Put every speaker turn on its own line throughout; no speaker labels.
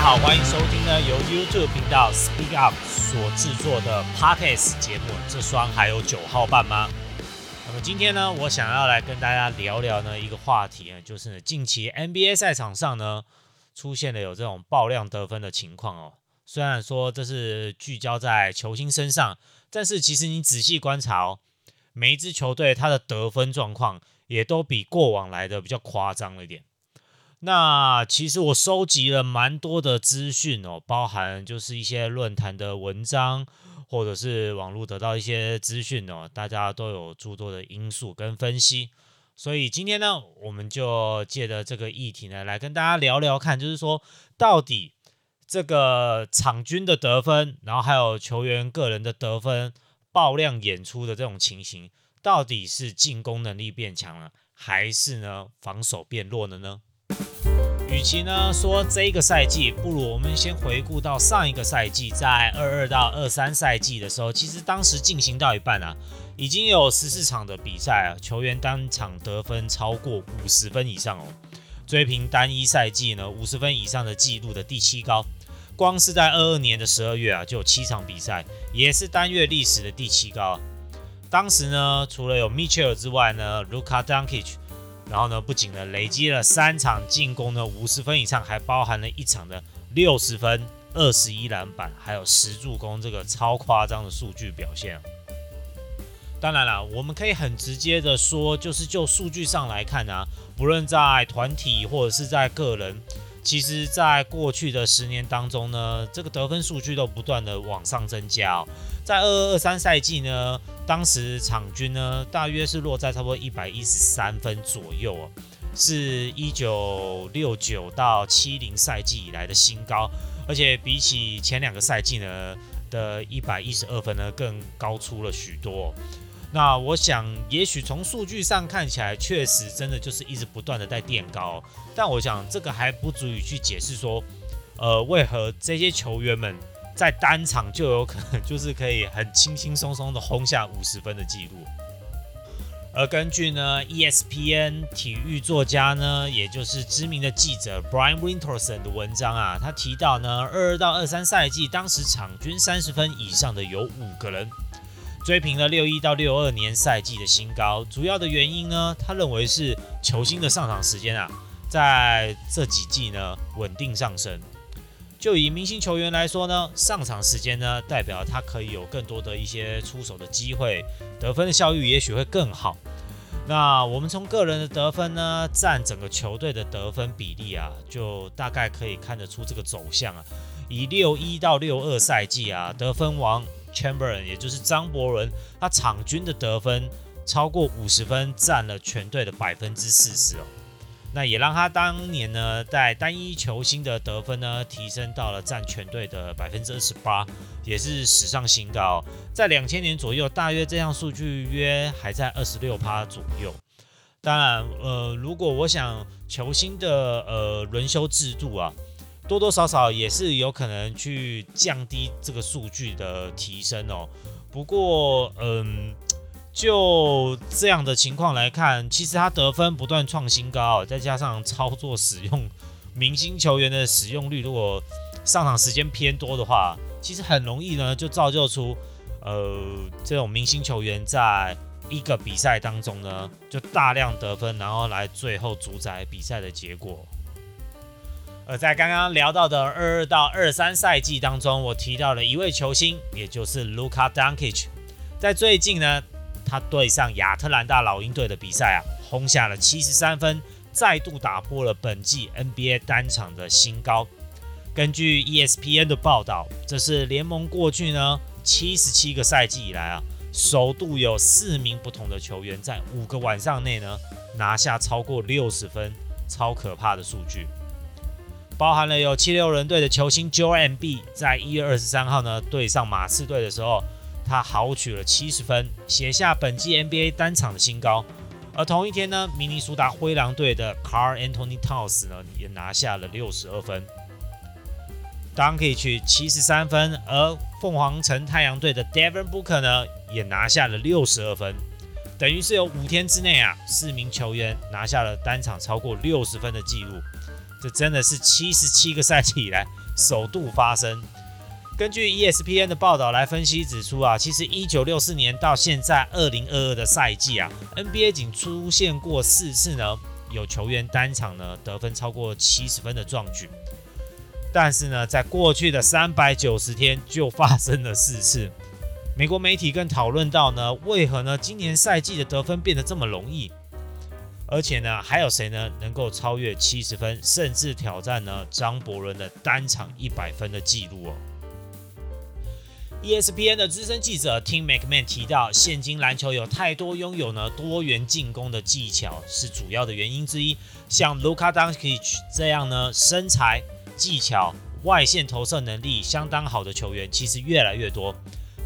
大家好，歡迎收聽呢由 YouTube 頻道 Speak Up 所製作的 Podcast 節目。這雙還有九號半嗎？那麼今天呢，我想要來跟大家聊聊呢一個話題啊，就是近期 NBA 賽場上呢出現了有這種爆量得分的情況哦。雖然說這是聚焦在球星身上，但是其實你仔細觀察哦，每一支球隊它的得分狀況也都比過往來的比較誇張了一點。那其實我收集了蠻多的資訊哦，包含就是一些論壇的文章，或者是網絡得到一些資訊哦。大家都有諸多的因素跟分析，所以今天呢，我們就借着這個議題呢，來跟大家聊聊看，就是說到底這個場均的得分，然後還有球員個人的得分爆量演出的這種情形，到底是進攻能力變強了，還是呢防守變弱了呢？與其呢說這一個賽季，不如我們先回顧到上一個賽季。在二二到二三賽季的時候，其實當時進行到一半啊，已經有十四場的比賽啊，球員單場得分超過五十分以上哦，追平單一賽季呢五十分以上的紀錄的第七高，光是在二二年的十二月啊，就有七場比賽，也是單月歷史的第七高啊。當時呢，除了有 Mitchell 之外呢，Luka Doncic 然後呢，不僅呢累積了三場進攻的五十分以上，還包含了一場的六十分、二十一籃板，還有十助攻，這個超誇張的數據表現。當然了，我們可以很直接的說，就是就數據上來看呢啊，不論在團體或者是在個人。其實，在過去的十年當中呢，這個得分數據都不斷的往上增加哦。在二二二三賽季呢，當時場均呢大約是落在差不多一百一十三分左右，是一九六九到七零賽季以來的新高，而且比起前兩個賽季呢的一百一十二分呢，更高出了許多。那我想，也許從數據上看起來，確實真的就是一直不斷的在墊高。但我想，這個還不足以去解釋說，呃，為何這些球員們在單場就有可能就是可以很輕輕鬆鬆的轟下五十分的記錄。而根據呢 ESPN 體育作家呢，也就是知名的記者 Brian Windhorst 的文章啊，他提到呢，二二到二三賽季，當時場均三十分以上的有五個人。追平了六一到六二年賽季的新高，主要的原因呢，他認為是球星的上場時間啊，在這幾季呢穩定上升。就以明星球員來說呢，上場時間呢代表他可以有更多的一些出手的機會，得分的效率也許會更好。那我們從個人的得分呢佔整個球隊的得分比例啊，就大概可以看得出這個走向啊。以六一到六二賽季啊，得分王。Chamberlain，也就是張伯倫，他場均的得分超過五十分，占了全隊的百分之四十哦。那也讓他當年呢，在單一球星的得分呢，提升到了占全隊的百分之二十八，也是史上新高。在兩千年左右，大約這項數據約還在二十六趴左右。當然，呃，如果我想球星的呃輪休制度啊。多多少少也是有可能去降低這個數據的提升哦。不過，嗯，就這樣的情況來看，其實他得分不斷創新高，再加上操作使用明星球員的使用率，如果上場時間偏多的話，其實很容易呢就造就出呃這種明星球員在一個比賽當中呢就大量得分，然後來最後主宰比賽的結果。而在剛剛聊到的二二到二三賽季當中，我提到了一位球星，也就是盧卡·東契奇，在最近呢，他對上亞特蘭大老鷹隊的比賽啊，轟下了七十三分，再度打破了本季 NBA 單場的新高。根據 ESPN 的報道，這是聯盟過去呢七十七個賽季以來啊，首度有四名不同的球員在五個晚上內呢拿下超過六十分，超可怕的數據。包含了有七六人隊的球星 Joel Embiid 在一月二十三號呢對上馬刺隊的時候，他豪取了七十分，寫下本季 NBA 單場的新高。而同一天呢，明尼蘇達灰狼隊的 Karl Anthony Towns 呢也拿下了六十二分 Doncic 取七十三分，而鳳凰城太陽隊的 Devin Booker 呢也拿下了六十二分，等於是有五天之內啊，四名球員拿下了單場超過六十分的紀錄。這真的是七十七個賽季以來首度發生。根據 ESPN 的報道來分析指出啊，其實一九六四年到現在二零二二的賽季啊，NBA 僅出現過四次呢，有球員單場呢得分超過七十分的壯舉。但是呢，在過去的三百九十天就發生了四次。美國媒體更討論到呢，為何呢今年賽季的得分變得這麼容易？而且呢，還有誰呢能夠超越七十分，甚至挑戰呢張伯倫的單場一百分的記錄哦？ESPN 的資深記者 Tim McMahon 提到，現今籃球有太多擁有呢多元進攻的技巧是主要的原因之一。像 Luka Doncic 這樣呢身材、技巧、外線投射能力相當好的球員，其實越來越多。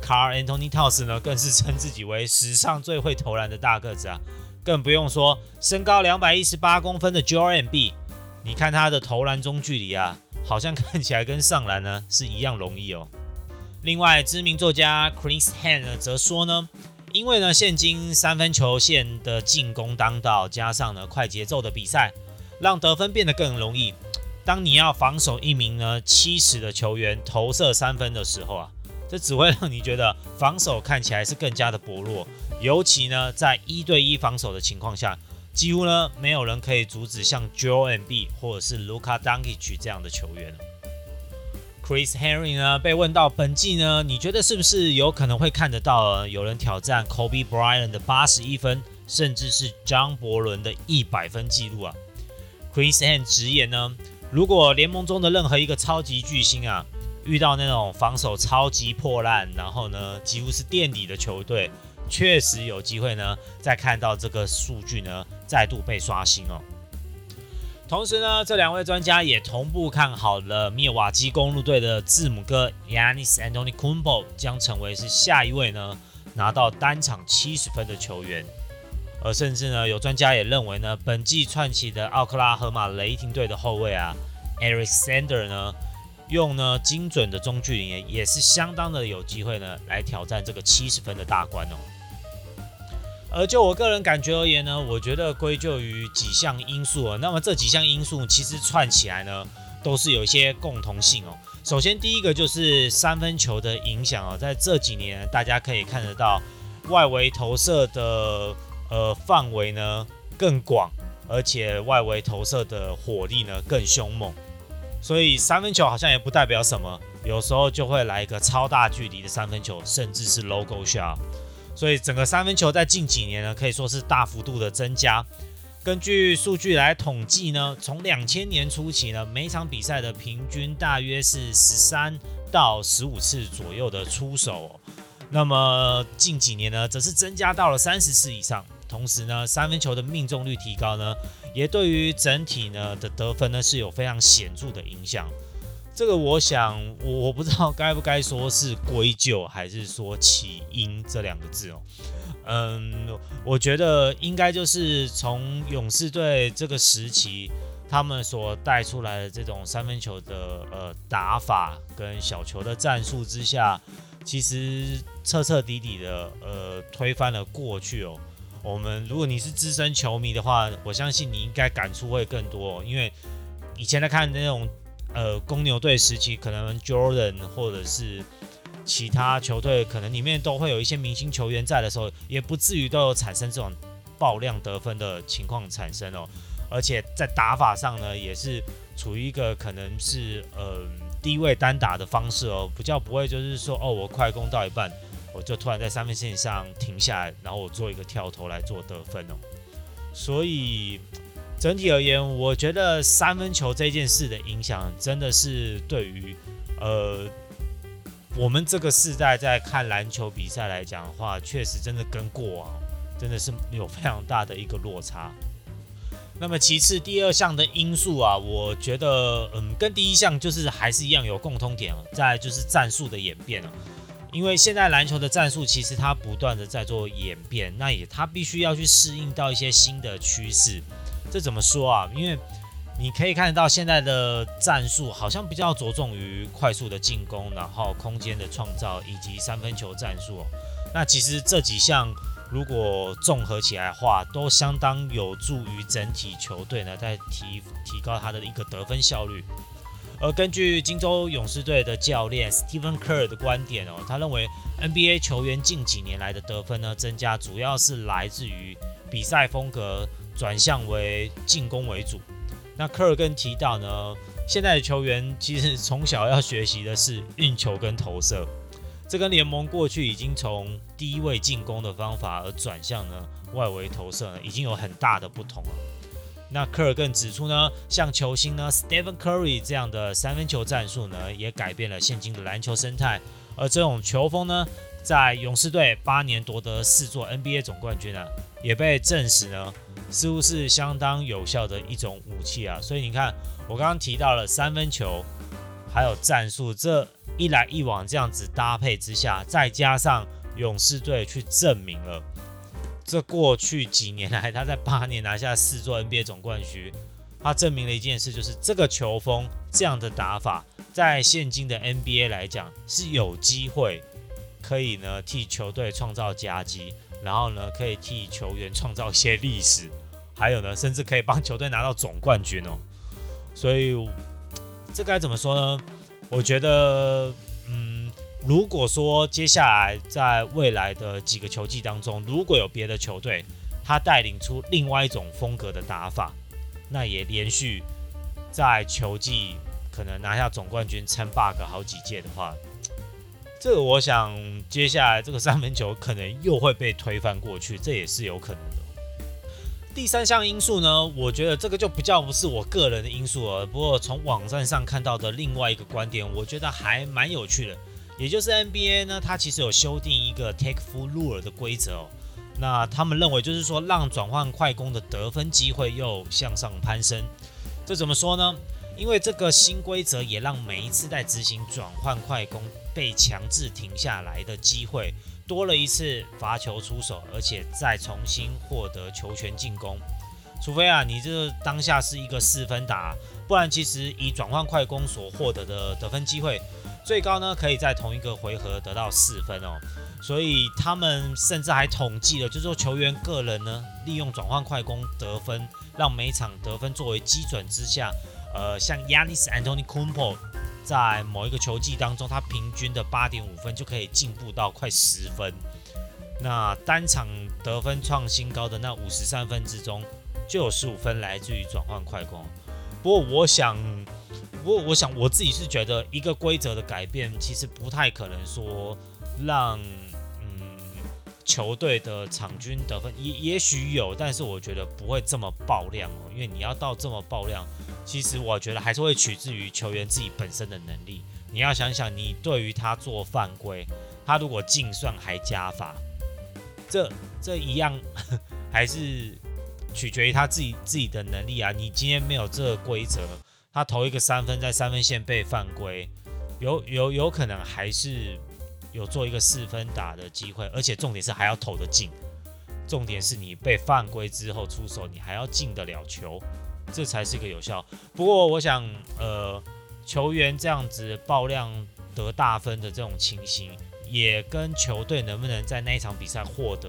卡爾·安東尼·托斯呢更是稱自己為史上最會投籃的大個子啊。更不用說身高兩百一十八公分的 Joel Embiid 你看他的投籃中距離啊，好像看起來跟上籃呢是一樣容易哦。另外，知名作家 Chris Han 則說呢，因為呢現今三分球線的進攻當道，加上呢快節奏的比賽，讓得分變得更容易。當你要防守一名呢七尺的球員投射三分的時候啊。這只會讓你覺得防守看起來是更加的薄弱，尤其呢在一對一防守的情況下，幾乎呢沒有人可以阻止像 Joel Embiid 或者是 Luka Doncic 這樣的球員。Chris Henry 呢被問到，本季呢你覺得是不是有可能會看得到、啊、有人挑戰 Kobe Bryant 的八十一分，甚至是張伯倫的一百分記錄啊？Chris Henry 直言呢，如果聯盟中的任何一個超級巨星啊。遇到那種防守超級破爛，然後呢幾乎是墊底的球隊，確實有機會呢再看到這個數據呢再度被刷新哦。同時呢，這兩位專家也同步看好了密瓦基公鹿隊的字母哥亞尼斯安東尼昆博將成為是下一位呢拿到單場七十分的球員，而甚至呢有專家也認為呢，本季竄起的奧克拉荷馬雷霆隊的後衛啊 Eric、啊、Sander 呢。用呢精準的中距離，也是相當的有機會呢，來挑戰這個七十分的大關哦。而就我個人感覺而言呢，我覺得歸咎於幾項因素啊。那麼這幾項因素其實串起來呢，都是有一些共同性哦。首先第一個就是三分球的影響哦。在這幾年大家可以看得到，外圍投射的呃範圍呢更廣，而且外圍投射的火力呢更兇猛。所以三分球好像也不代表什麼，有時候就會來一個超大距離的三分球，甚至是 logo shot。所以整個三分球在近幾年呢，可以說是大幅度的增加。根據數據來統計呢，從兩千年初期呢，每一場比賽的平均大約是十三到十五次左右的出手，那麼近幾年呢，則是增加到了三十次以上。同時呢，三分球的命中率提高呢，也對於整體呢的得分呢是有非常顯著的影響。這個我想，我，我不知道該不該說是歸咎還是說起因這兩個字哦。嗯，我覺得應該就是從勇士隊這個時期，他們所帶出來的這種三分球的呃打法跟小球的戰術之下，其實徹徹底底的呃推翻了過去哦。我們，如果你是資深球迷的話，我相信你應該感觸會更多哦，因為以前在看那種呃公牛隊時期，可能 Jordan 或者是其他球隊，可能裡面都會有一些明星球員在的時候，也不至於都有產生這種爆量得分的情況產生哦。而且在打法上呢，也是處於一個可能是呃低位單打的方式哦，比較不會就是說哦我快攻到一半。我就突然在三分線上停下來，然後我做一個跳投來做得分哦。所以整體而言，我覺得三分球這件事的影響，真的是對於呃我們這個世代在看籃球比賽來講的話，確實真的跟過往真的是有非常大的一個落差。那麼其次第二項的因素啊，我覺得嗯跟第一項就是還是一樣有共通點啊，再就是戰術的演變、啊因為現在籃球的戰術其實它不斷的在做演變，那也它必須要去適應到一些新的趨勢。這怎麼說啊？因為你可以看到現在的戰術好像比較着重於快速的進攻，然後空間的創造以及三分球戰術。那其實這幾項如果綜合起來的話，都相當有助於整體球隊呢在提提高它的一個得分效率。而根據金州勇士隊的教練 Steven Kerr 的觀點哦，他認為 NBA 球員近幾年來的得分呢增加，主要是來自於比賽風格轉向為進攻為主。那科爾更提到呢，現在的球員其實從小要學習的是運球跟投射，這個聯盟過去已經從低位進攻的方法而轉向呢外圍投射呢，已經有很大的不同了。那科爾更指出呢，像球星呢，Stephen Curry 這樣的三分球戰術呢，也改變了現今的籃球生態。而這種球風呢，在勇士隊八年奪得四座 NBA 總冠軍呢，也被證實呢，似乎是相當有效的一種武器啊。所以你看，我剛剛提到了三分球，還有戰術，這一來一往這樣子搭配之下，再加上勇士隊去證明了。這過去幾年來，他在八年拿下四座 NBA 總冠軍，他證明了一件事，就是這個球風這樣的打法，在現今的 NBA 來講是有機會可以呢替球隊創造佳績，然後呢可以替球員創造一些歷史，還有呢甚至可以幫球隊拿到總冠軍哦。所以這該怎麼說呢？我覺得。如果說接下來在未來的幾個球季當中，如果有別的球隊他帶領出另外一種風格的打法，那也連續在球季可能拿下總冠軍稱霸個好幾屆的話，這個我想接下來這個三分球可能又會被推翻過去，這也是有可能的。第三項因素呢，我覺得這個就比較不是我個人的因素了。不過從網站上看到的另外一個觀點，我覺得還蠻有趣的。也就是 NBA 呢，它其實有修訂一個 take foul rule 的規則哦，那他們認為就是說，讓轉換快攻的得分機會又向上攀升。這怎麼說呢？因為這個新規則也讓每一次在執行轉換快攻被強制停下來的機會多了一次罰球出手，而且再重新獲得球權進攻。除非啊，你這當下是一個四分打，不然其實以轉換快攻所獲得的得分機會。最高呢，可以在同一個回合得到四分哦，所以他們甚至還統計了，就是說球員個人呢，利用轉換快攻得分，讓每場得分作為基準之下，呃，像 Yannis Antetokounmpo 在某一個球季當中，他平均的八點五分就可以進步到快十分，那單場得分創新高的那五十三分之中，就有十五分來自於轉換快攻。不過我想。不過，我想我自己是覺得，一個規則的改變其實不太可能說讓嗯球隊的場均得分也也許有，但是我覺得不會這麼爆量哦，因為你要到這麼爆量，其實我覺得還是會取自於球員自己本身的能力。你要想想，你對於他做犯規，他如果淨算還加罰，這這一樣還是取決於他自己自己的能力啊。你今天沒有這個規則。他投一個三分，在三分線被犯規，有有有可能還是有做一個四分打的機會，而且重點是還要投得進。重點是你被犯規之後出手，你還要進得了球，這才是一個有效。不過我想，呃，球員這樣子爆量得大分的這種情形，也跟球隊能不能在那一場比賽獲得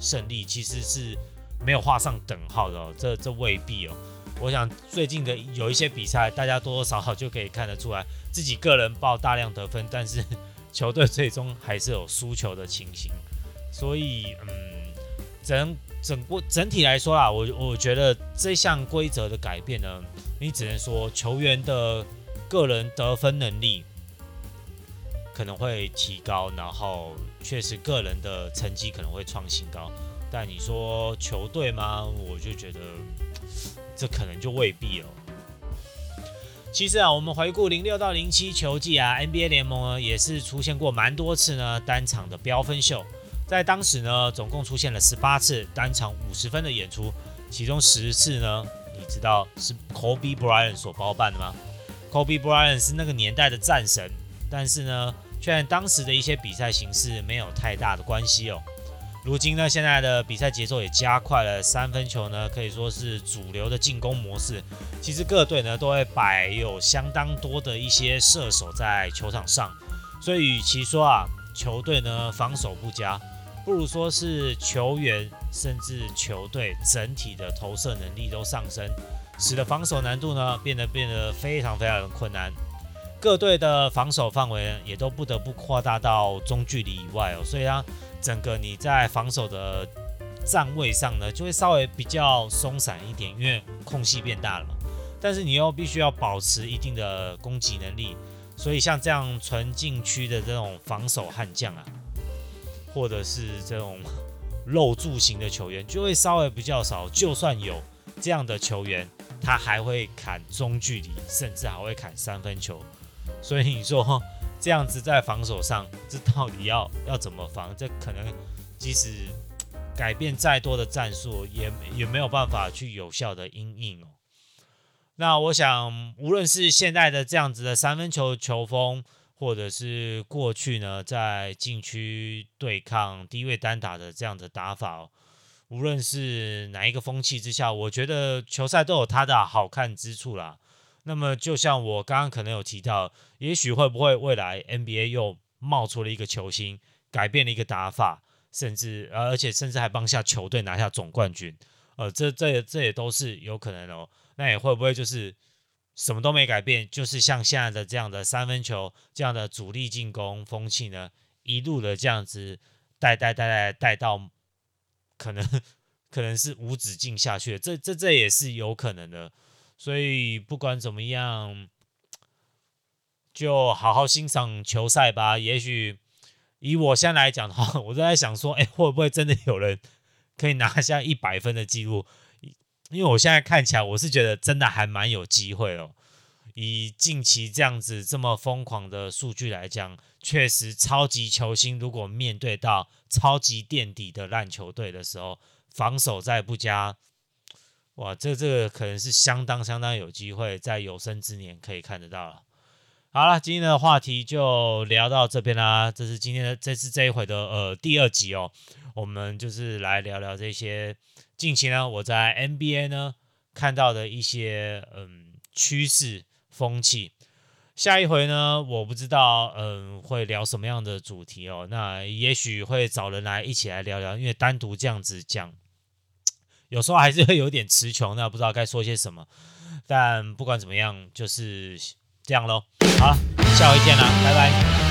勝利，其實是沒有畫上等號的哦，這這未必哦。我想最近的有一些比賽，大家多多少少就可以看得出來，自己個人爆大量得分，但是球隊最終還是有輸球的情形。所以，嗯，整整過整體來說啊，我我覺得這項規則的改變呢，你只能說球員的個人得分能力可能會提高，然後確實個人的成績可能會創新高。但你說球隊嗎？我就覺得。這可能就未必了哦。其實啊，我們回顧零六到零七球季啊，NBA 聯盟呢也是出現過蠻多次呢單場的飆分秀。在當時呢，總共出現了十八次單場五十分的演出，其中十次呢，你知道是 Kobe Bryant 所包辦的嗎？Kobe Bryant 是那個年代的戰神，但是呢，卻跟當時的一些比賽形式沒有太大的關係哦。如今呢，現在的比賽節奏也加快了，三分球呢可以說是主流的進攻模式。其實各隊呢都會擺有相當多的一些射手在球場上，所以與其說啊球隊呢防守不佳，不如說是球員甚至球隊整體的投射能力都上升，使得防守難度呢變得變得非常非常的困難。各隊的防守範圍呢也都不得不擴大到中距離以外哦，所以啊。整個你在防守的站位上呢，就會稍微比較鬆散一點，因為空隙變大了嘛。但是你又必須要保持一定的攻擊能力，所以像這樣純禁區的這種防守悍將啊，或者是這種肉柱型的球員，就會稍微比較少。就算有這樣的球員，他還會砍中距離，甚至還會砍三分球。所以你說這樣子在防守上，這到底要要怎麼防？這可能即使改變再多的戰術，也也沒有辦法去有效的因應哦。那我想，無論是現在的這樣子的三分球球風，或者是過去呢，在禁區對抗低位單打的這樣的打法，無論是哪一個風氣之下，我覺得球賽都有它的好看之處啦。那麼，就像我剛剛可能有提到，也許會不會未來 NBA 又冒出了一個球星，改變了一個打法，甚至呃，而且甚至還幫下球隊拿下總冠軍，呃，這這這也都是有可能哦。那也會不會就是什麼都沒改變，就是像現在的這樣的三分球，這樣的主力進攻風氣呢，一路的這樣子帶帶帶帶帶帶到可能可能是無止境下去，這這這也是有可能的。所以不管怎麼樣，就好好欣賞球賽吧。也許以我現在來講的話，我都在想說，哎，會不會真的有人可以拿下一百分的記錄？因為我現在看起來，我是覺得真的還蠻有機會哦。以近期這樣子這麼瘋狂的數據來講，確實超級球星如果面對到超級墊底的爛球隊的時候，防守再不佳。哇，這個、這個可能是相當相當有機會，在有生之年可以看得到了。好啦，今天的話題就聊到這邊啦。這是今天的，這是這一回的呃第二集哦。我們就是來聊聊這些近期呢，我在 NBA 呢看到的一些嗯、呃、趨勢風氣。下一回呢，我不知道嗯、呃、會聊什麼樣的主題哦。那也許會找人來一起來聊聊，因為單獨這樣子講。有時候還是會有點詞窮，那不知道該說些什麼。但不管怎麼樣，就是這樣嘍。好了，下回見了，拜拜。